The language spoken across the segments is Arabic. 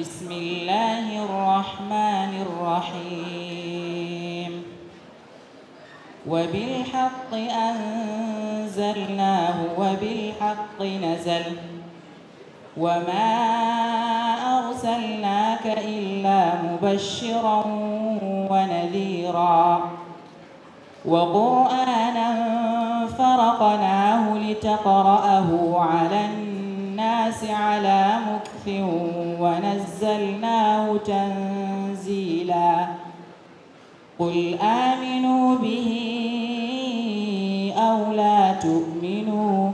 بسم الله الرحمن الرحيم وبالحق أنزلناه وبالحق نزل وما أرسلناك إلا مبشرا ونذيرا وقرآنا فرقناه لتقرأه على الناس للناس على مكف ونزلناه تنزيلا قل آمنوا به أو لا تؤمنوا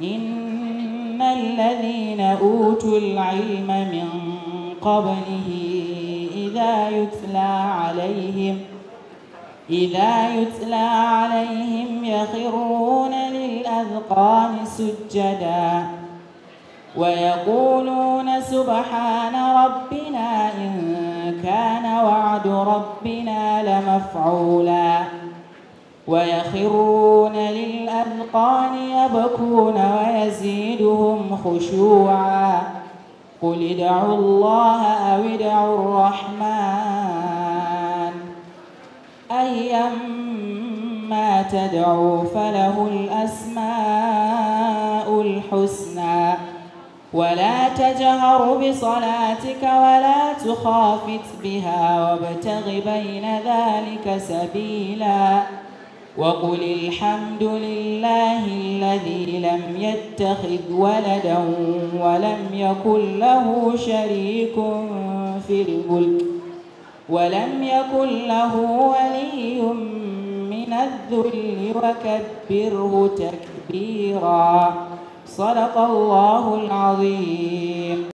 إن الذين أوتوا العلم من قبله إذا يتلى عليهم إذا يتلى عليهم يخرون الأذقان سجدا ويقولون سبحان ربنا إن كان وعد ربنا لمفعولا ويخرون للأذقان يبكون ويزيدهم خشوعا قل ادعوا الله أو ادعوا الرحمن تدعوا تدعو فله الأسماء الحسنى ولا تجهر بصلاتك ولا تخافت بها وابتغ بين ذلك سبيلا وقل الحمد لله الذي لم يتخذ ولدا ولم يكن له شريك في الملك ولم يكن له ولي من الذل وكبره تكبيرا صدق الله العظيم